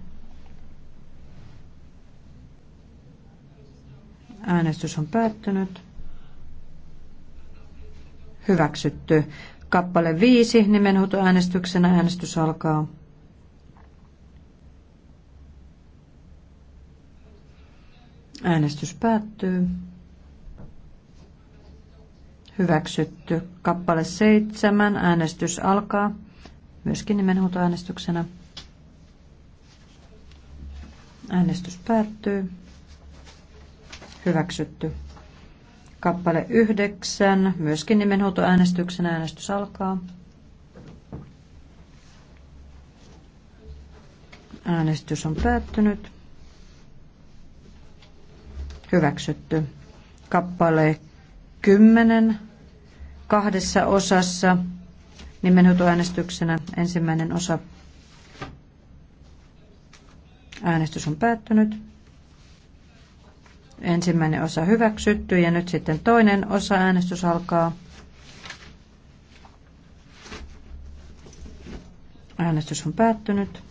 Äänestys on päättynyt hyväksytty. Kappale 5 nimenhuutoäänestyksenä äänestys alkaa. Äänestys päättyy. Hyväksytty. Kappale 7. Äänestys alkaa. Myöskin nimenhuutoäänestyksenä. Äänestys päättyy. Hyväksytty. Kappale 9, myöskin nimenhuutoäänestyksen äänestys alkaa. Äänestys on päättynyt. Hyväksytty. Kappale 10 kahdessa osassa nimenhuutoäänestyksenä ensimmäinen osa. Äänestys on päättynyt. Ensimmäinen osa hyväksytty ja nyt sitten toinen osa äänestys alkaa. Äänestys on päättynyt.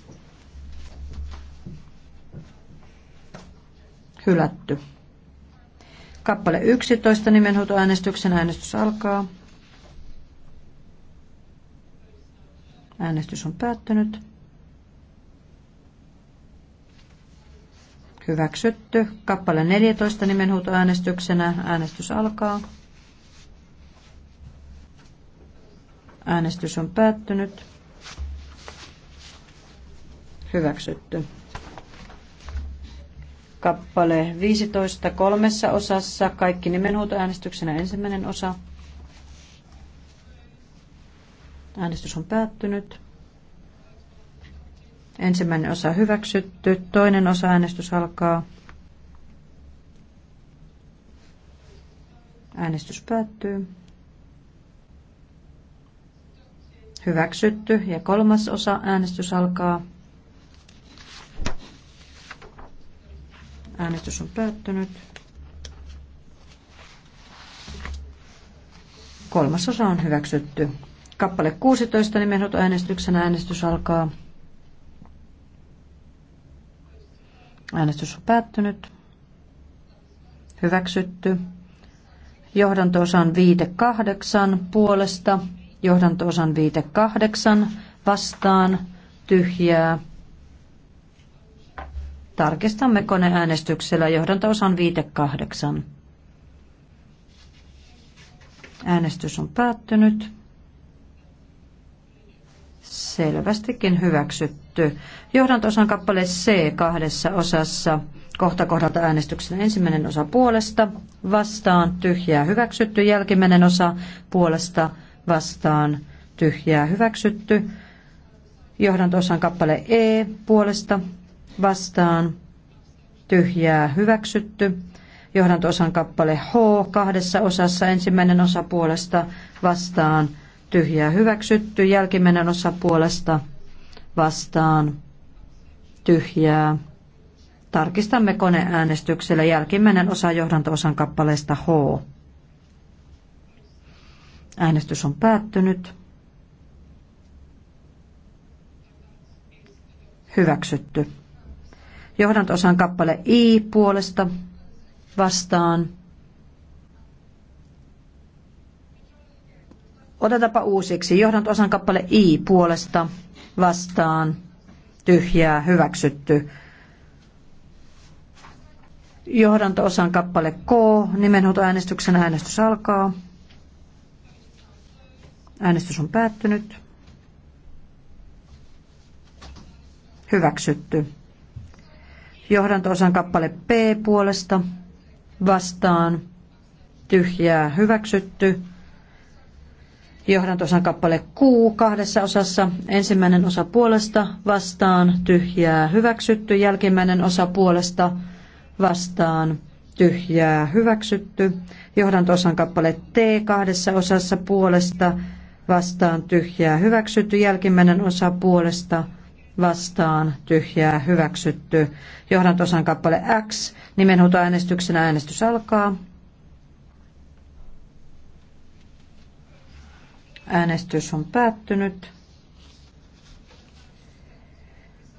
Hylätty. Kappale 11 nimenhuutoäänestyksen äänestys alkaa. Äänestys on päättynyt. hyväksytty. Kappale 14 nimenhuutoäänestyksenä. Äänestys alkaa. Äänestys on päättynyt. Hyväksytty. Kappale 15 kolmessa osassa. Kaikki nimenhuutoäänestyksenä ensimmäinen osa. Äänestys on päättynyt. Ensimmäinen osa hyväksytty, toinen osa äänestys alkaa. Äänestys päättyy. Hyväksytty ja kolmas osa äänestys alkaa. Äänestys on päättynyt. Kolmas osa on hyväksytty. Kappale 16 nimenhoitoäänestyksen äänestys alkaa. Äänestys on päättynyt. Hyväksytty. Johdantoosan viite kahdeksan puolesta. Johdantoosan viite kahdeksan vastaan. Tyhjää. Tarkistamme koneäänestyksellä johdantoosan viite kahdeksan. Äänestys on päättynyt. Selvästikin hyväksytty hyväksytty. Johdantosan kappale C kahdessa osassa kohta kohdalta äänestyksen ensimmäinen osa puolesta, vastaan, tyhjää hyväksytty, jälkimmäinen osa puolesta, vastaan, tyhjää hyväksytty. Johdantosan kappale E puolesta, vastaan, tyhjää hyväksytty. Johdantosan kappale H kahdessa osassa ensimmäinen osa puolesta, vastaan, tyhjää hyväksytty, jälkimmäinen osa puolesta, vastaan tyhjää. Tarkistamme koneäänestyksellä jälkimmäinen osa osan kappaleesta H. Äänestys on päättynyt. Hyväksytty. osan kappale I puolesta vastaan. Otetaanpa uusiksi. osan kappale I puolesta vastaan tyhjää hyväksytty. Johdanto-osan kappale K, nimenhuutoäänestyksen äänestys alkaa. Äänestys on päättynyt. Hyväksytty. Johdanto-osan kappale P puolesta vastaan tyhjää hyväksytty johdantosan kappale Q kahdessa osassa. Ensimmäinen osa puolesta vastaan tyhjää hyväksytty, jälkimmäinen osa puolesta vastaan tyhjää hyväksytty. Johdantosan kappale T kahdessa osassa puolesta vastaan tyhjää hyväksytty, jälkimmäinen osa puolesta vastaan tyhjää hyväksytty. Johdantosan kappale X, nimenhuutoäänestyksenä äänestys alkaa. Äänestys on päättynyt.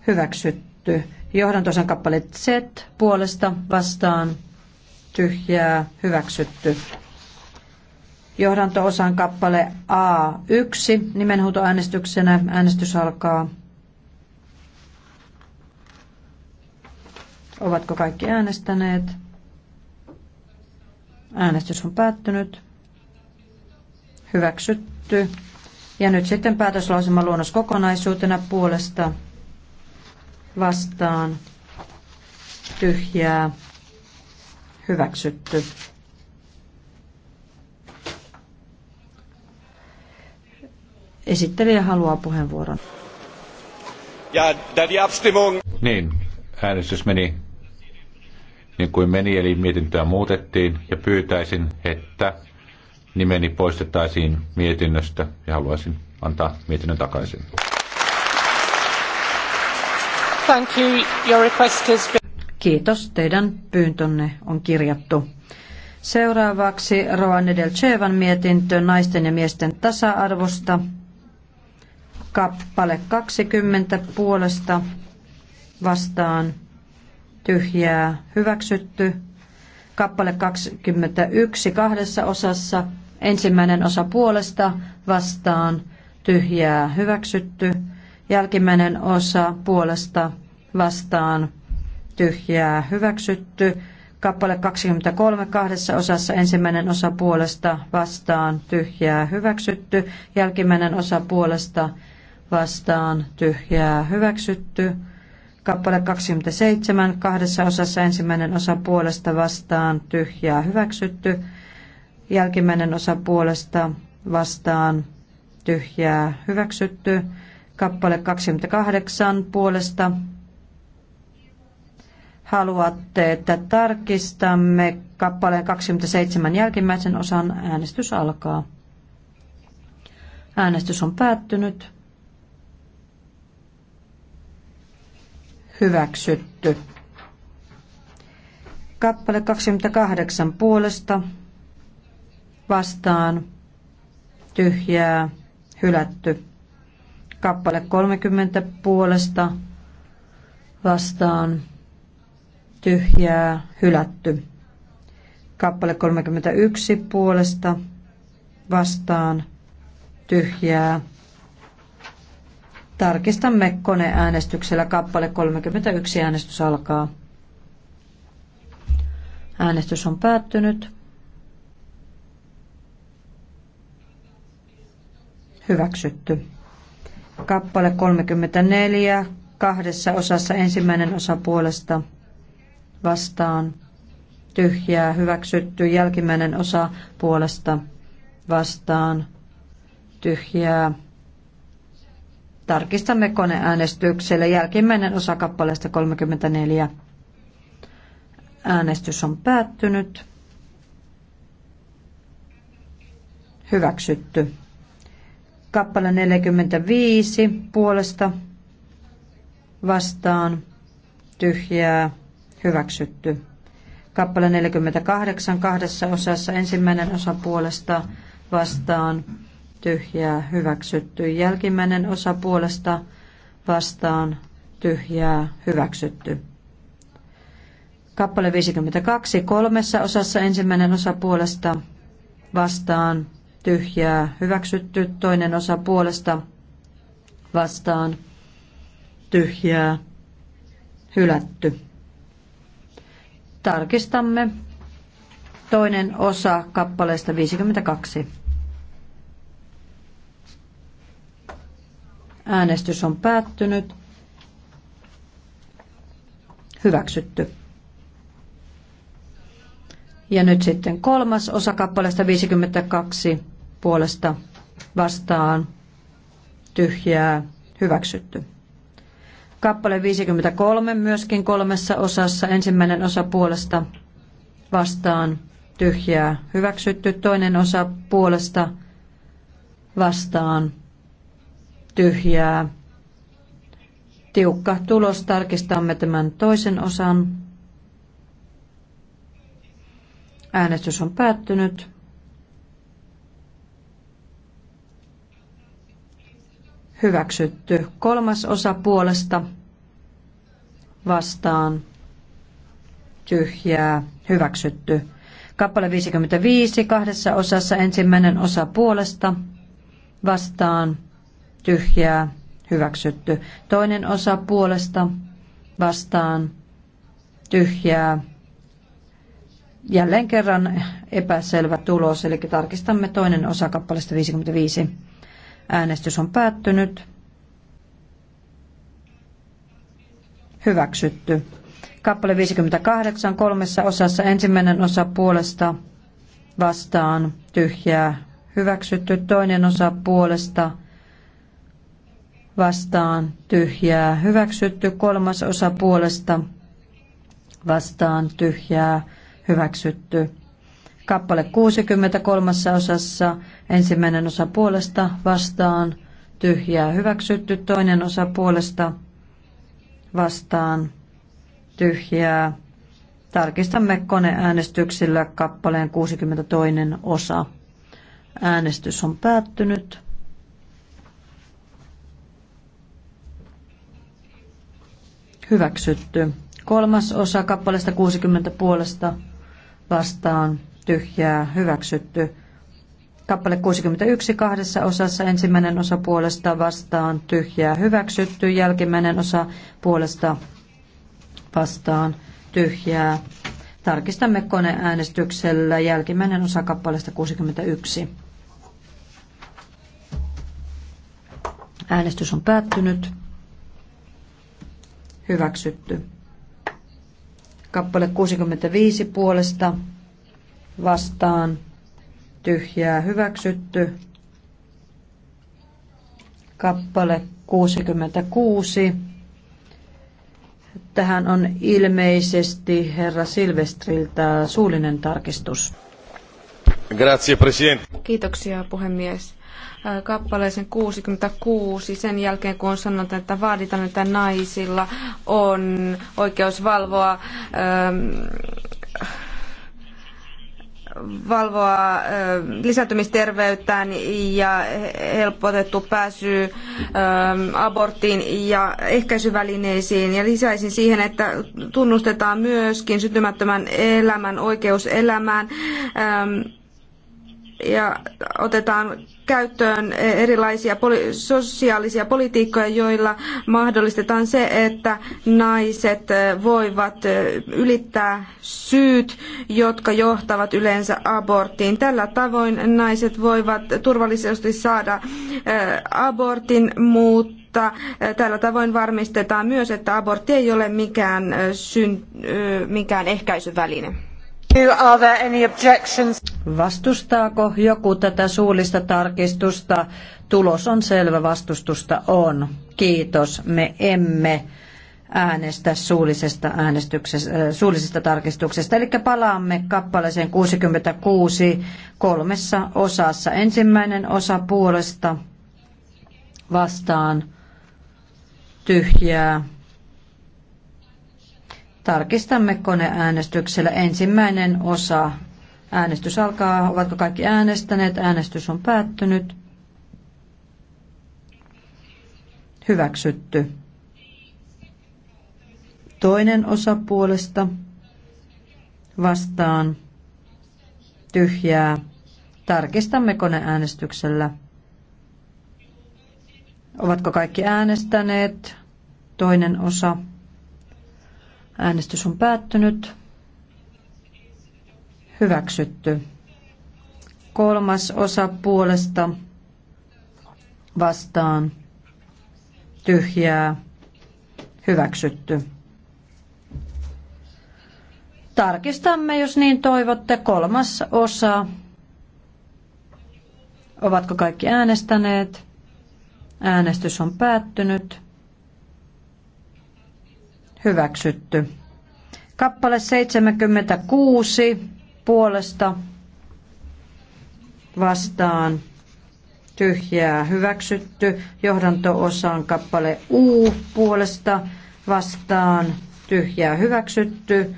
Hyväksytty. Johdantosan kappale Z puolesta vastaan tyhjää hyväksytty. Johdanto-osan kappale A1 nimenhuutoäänestyksenä. Äänestys alkaa. Ovatko kaikki äänestäneet? Äänestys on päättynyt. Hyväksytty hyväksytty. Ja nyt sitten päätöslausuma luonnos kokonaisuutena puolesta vastaan tyhjää hyväksytty. Esittelijä haluaa puheenvuoron. Ja, die Abstimmung. Niin, äänestys meni niin kuin meni, eli mietintöä muutettiin ja pyytäisin, että nimeni poistettaisiin mietinnöstä ja haluaisin antaa mietinnön takaisin. Thank you. Your request has been... Kiitos. Teidän pyyntönne on kirjattu. Seuraavaksi Roa Nedelchevan mietintö naisten ja miesten tasa-arvosta. Kappale 20 puolesta vastaan tyhjää hyväksytty. Kappale 21 kahdessa osassa Ensimmäinen osa puolesta vastaan tyhjää hyväksytty. Jälkimmäinen osa puolesta vastaan tyhjää hyväksytty. Kappale 23 kahdessa osassa ensimmäinen osa puolesta vastaan tyhjää hyväksytty. Jälkimmäinen osa puolesta vastaan tyhjää hyväksytty. Kappale 27 kahdessa osassa ensimmäinen osa puolesta vastaan tyhjää hyväksytty Jälkimmäinen osa puolesta vastaan tyhjää hyväksytty. Kappale 28 puolesta haluatte, että tarkistamme kappaleen 27 jälkimmäisen osan äänestys alkaa. Äänestys on päättynyt. Hyväksytty. Kappale 28 puolesta vastaan tyhjää hylätty. Kappale 30 puolesta vastaan tyhjää hylätty. Kappale 31 puolesta vastaan tyhjää. Tarkistamme koneäänestyksellä kappale 31 äänestys alkaa. Äänestys on päättynyt. hyväksytty. Kappale 34 kahdessa osassa ensimmäinen osa puolesta vastaan tyhjää hyväksytty. Jälkimmäinen osa puolesta vastaan tyhjää. Tarkistamme koneäänestyksellä jälkimmäinen osa kappaleesta 34. Äänestys on päättynyt. Hyväksytty kappale 45 puolesta vastaan tyhjää hyväksytty. Kappale 48 kahdessa osassa ensimmäinen osa puolesta vastaan tyhjää hyväksytty. Jälkimmäinen osa puolesta vastaan tyhjää hyväksytty. Kappale 52 kolmessa osassa ensimmäinen osa puolesta vastaan tyhjää hyväksytty, toinen osa puolesta vastaan tyhjää hylätty. Tarkistamme toinen osa kappaleesta 52. Äänestys on päättynyt. Hyväksytty. Ja nyt sitten kolmas osa kappaleesta 52 puolesta vastaan tyhjää hyväksytty. Kappale 53 myöskin kolmessa osassa. Ensimmäinen osa puolesta vastaan tyhjää hyväksytty. Toinen osa puolesta vastaan tyhjää. Tiukka tulos. Tarkistamme tämän toisen osan. Äänestys on päättynyt. Hyväksytty. Kolmas osa puolesta vastaan tyhjää. Hyväksytty. Kappale 55 kahdessa osassa ensimmäinen osa puolesta vastaan tyhjää. Hyväksytty. Toinen osa puolesta vastaan tyhjää Jälleen kerran epäselvä tulos, eli tarkistamme toinen osa kappaleesta 55. Äänestys on päättynyt. Hyväksytty. Kappale 58 kolmessa osassa ensimmäinen osa puolesta vastaan tyhjää hyväksytty, toinen osa puolesta vastaan tyhjää hyväksytty, kolmas osa puolesta vastaan tyhjää hyväksytty. Kappale 63 osassa ensimmäinen osa puolesta vastaan tyhjää hyväksytty, toinen osa puolesta vastaan tyhjää. Tarkistamme koneäänestyksillä kappaleen 62 osa. Äänestys on päättynyt. Hyväksytty. Kolmas osa kappaleesta 60 puolesta vastaan tyhjää hyväksytty. Kappale 61 kahdessa osassa ensimmäinen osa puolesta vastaan tyhjää hyväksytty, jälkimmäinen osa puolesta vastaan tyhjää. Tarkistamme koneäänestyksellä jälkimmäinen osa kappaleesta 61. Äänestys on päättynyt. Hyväksytty. Kappale 65 puolesta vastaan tyhjää hyväksytty. Kappale 66. Tähän on ilmeisesti herra Silvestriltä suullinen tarkistus. Grazie, Kiitoksia puhemies Äh, kappaleeseen 66 sen jälkeen, kun on sanottu, että vaaditaan, että naisilla on oikeus valvoa ähm, valvoa ähm, lisääntymisterveyttään ja helpotettu pääsy ähm, aborttiin ja ehkäisyvälineisiin. Ja lisäisin siihen, että tunnustetaan myöskin syntymättömän elämän oikeus elämään ja otetaan käyttöön erilaisia sosiaalisia politiikkoja, joilla mahdollistetaan se, että naiset voivat ylittää syyt, jotka johtavat yleensä aborttiin. Tällä tavoin naiset voivat turvallisesti saada abortin, mutta mutta tällä tavoin varmistetaan myös, että abortti ei ole mikään, syn, mikään ehkäisyväline. Vastustaako joku tätä suullista tarkistusta? Tulos on selvä, vastustusta on. Kiitos, me emme äänestä suullisesta, äänestyksestä, äh, suullisesta tarkistuksesta. Eli palaamme kappaleeseen 66 kolmessa osassa. Ensimmäinen osa puolesta vastaan tyhjää Tarkistamme koneäänestyksellä ensimmäinen osa. Äänestys alkaa. Ovatko kaikki äänestäneet? Äänestys on päättynyt. Hyväksytty. Toinen osa puolesta vastaan tyhjää. Tarkistamme koneäänestyksellä. Ovatko kaikki äänestäneet? Toinen osa. Äänestys on päättynyt. Hyväksytty. Kolmas osa puolesta vastaan tyhjää hyväksytty. Tarkistamme, jos niin toivotte, kolmas osa. Ovatko kaikki äänestäneet? Äänestys on päättynyt hyväksytty. Kappale 76 puolesta vastaan tyhjää hyväksytty. Johdanto-osaan kappale U puolesta vastaan tyhjää hyväksytty.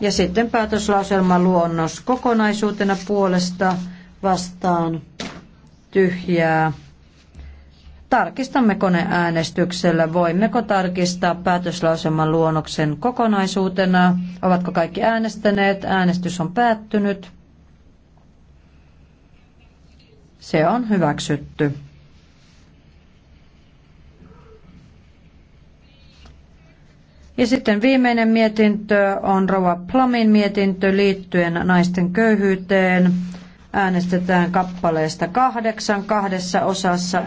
Ja sitten päätöslauselma luonnos kokonaisuutena puolesta vastaan tyhjää Tarkistamme koneäänestyksellä, voimmeko tarkistaa päätöslauselman luonnoksen kokonaisuutena. Ovatko kaikki äänestäneet? Äänestys on päättynyt. Se on hyväksytty. Ja sitten viimeinen mietintö on Rova Plamin mietintö liittyen naisten köyhyyteen. Äänestetään kappaleesta kahdeksan kahdessa osassa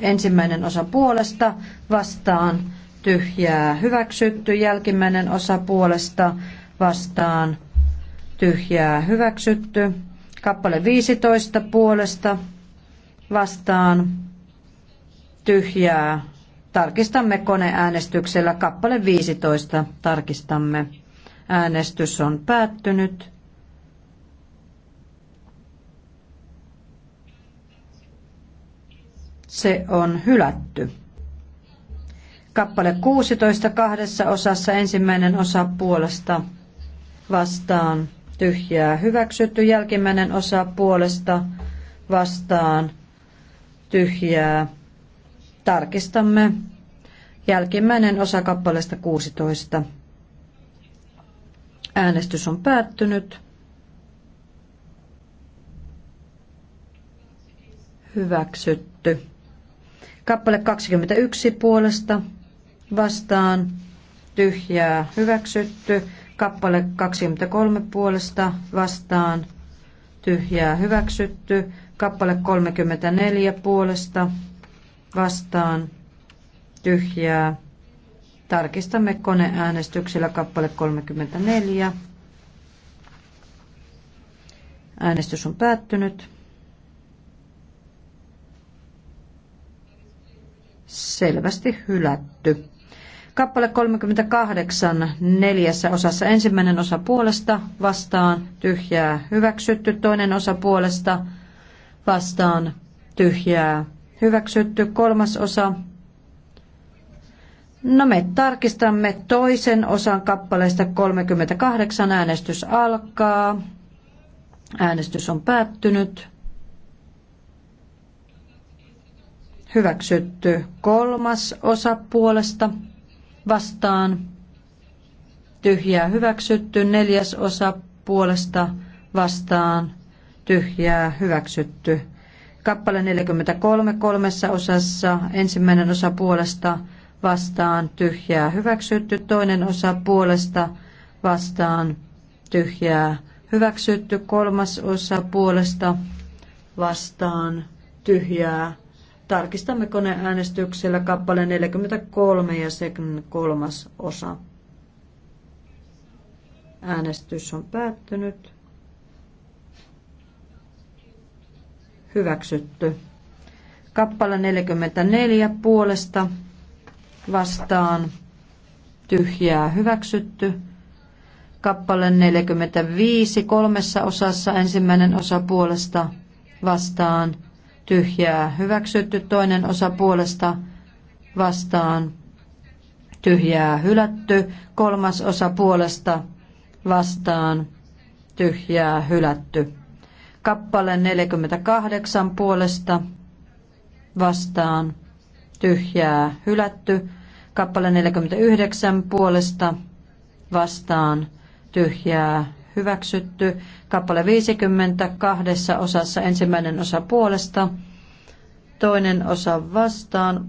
Ensimmäinen osa puolesta vastaan tyhjää hyväksytty. Jälkimmäinen osa puolesta vastaan tyhjää hyväksytty. Kappale 15 puolesta vastaan tyhjää. Tarkistamme koneäänestyksellä. Kappale 15 tarkistamme. Äänestys on päättynyt. Se on hylätty. Kappale 16 kahdessa osassa ensimmäinen osa puolesta vastaan tyhjää hyväksytty. Jälkimmäinen osa puolesta vastaan tyhjää. Tarkistamme jälkimmäinen osa kappaleesta 16. Äänestys on päättynyt. Hyväksytty. Kappale 21 puolesta vastaan tyhjää hyväksytty. Kappale 23 puolesta vastaan tyhjää hyväksytty. Kappale 34 puolesta vastaan tyhjää. Tarkistamme koneäänestyksellä kappale 34. Äänestys on päättynyt. selvästi hylätty. Kappale 38 neljässä osassa. Ensimmäinen osa puolesta vastaan tyhjää hyväksytty. Toinen osa puolesta vastaan tyhjää hyväksytty. Kolmas osa. No me tarkistamme toisen osan kappaleesta 38. Äänestys alkaa. Äänestys on päättynyt. hyväksytty kolmas osa puolesta vastaan tyhjää hyväksytty neljäs osa puolesta vastaan tyhjää hyväksytty kappale 43 kolmessa osassa ensimmäinen osa puolesta vastaan tyhjää hyväksytty toinen osa puolesta vastaan tyhjää hyväksytty kolmas osa puolesta vastaan tyhjää Tarkistamme koneäänestyksellä kappale 43 ja sen kolmas osa. Äänestys on päättynyt. Hyväksytty. Kappale 44 puolesta vastaan tyhjää hyväksytty. Kappale 45 kolmessa osassa ensimmäinen osa puolesta vastaan tyhjää hyväksytty, toinen osa puolesta vastaan tyhjää hylätty, kolmas osa puolesta vastaan tyhjää hylätty. Kappale 48 puolesta vastaan tyhjää hylätty. Kappale 49 puolesta vastaan tyhjää hyväksytty. Kappale 50 kahdessa osassa ensimmäinen osa puolesta, toinen osa vastaan.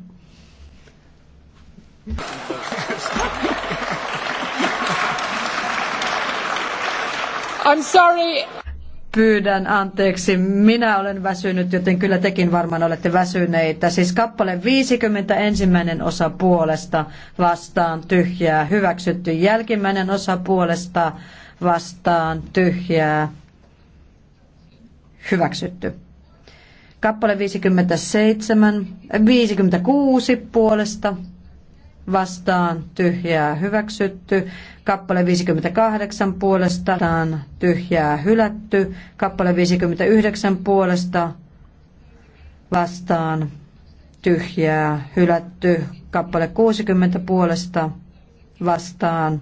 I'm sorry. Pyydän anteeksi, minä olen väsynyt, joten kyllä tekin varmaan olette väsyneitä. Siis kappale 50 ensimmäinen osa puolesta vastaan tyhjää, hyväksytty jälkimmäinen osa puolesta vastaan tyhjää hyväksytty. Kappale 57, 56 puolesta vastaan tyhjää hyväksytty. Kappale 58 puolesta vastaan tyhjää hylätty. Kappale 59 puolesta vastaan tyhjää hylätty. Kappale 60 puolesta vastaan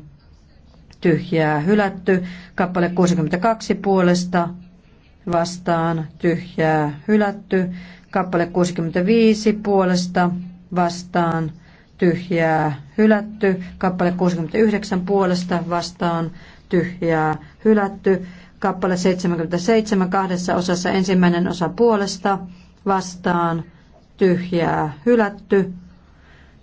tyhjää hylätty. Kappale 62 puolesta vastaan tyhjää hylätty. Kappale 65 puolesta vastaan tyhjää hylätty. Kappale 69 puolesta vastaan tyhjää hylätty. Kappale 77 kahdessa osassa ensimmäinen osa puolesta vastaan tyhjää hylätty.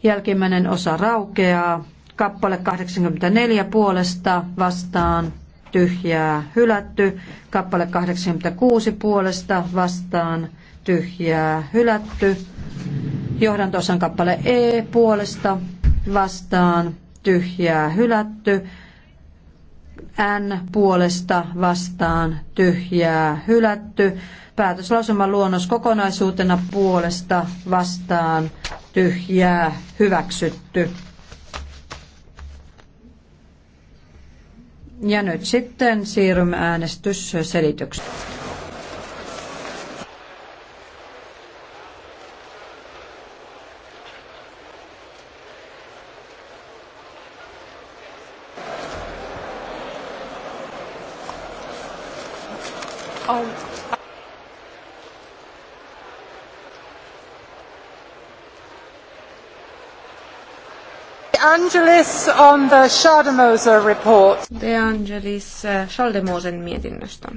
Jälkimmäinen osa raukeaa. Kappale 84 puolesta vastaan tyhjää hylätty. Kappale 86 puolesta vastaan tyhjää hylätty. Johdantosan kappale E puolesta vastaan tyhjää hylätty. N puolesta vastaan tyhjää hylätty. Päätöslausuman luonnos kokonaisuutena puolesta vastaan tyhjää hyväksytty. Ja nyt sitten siirrymme äänestysselitykseen. Angelis on the Schademoser report. De Angelis eh, Schaldemosen mietinnöstä.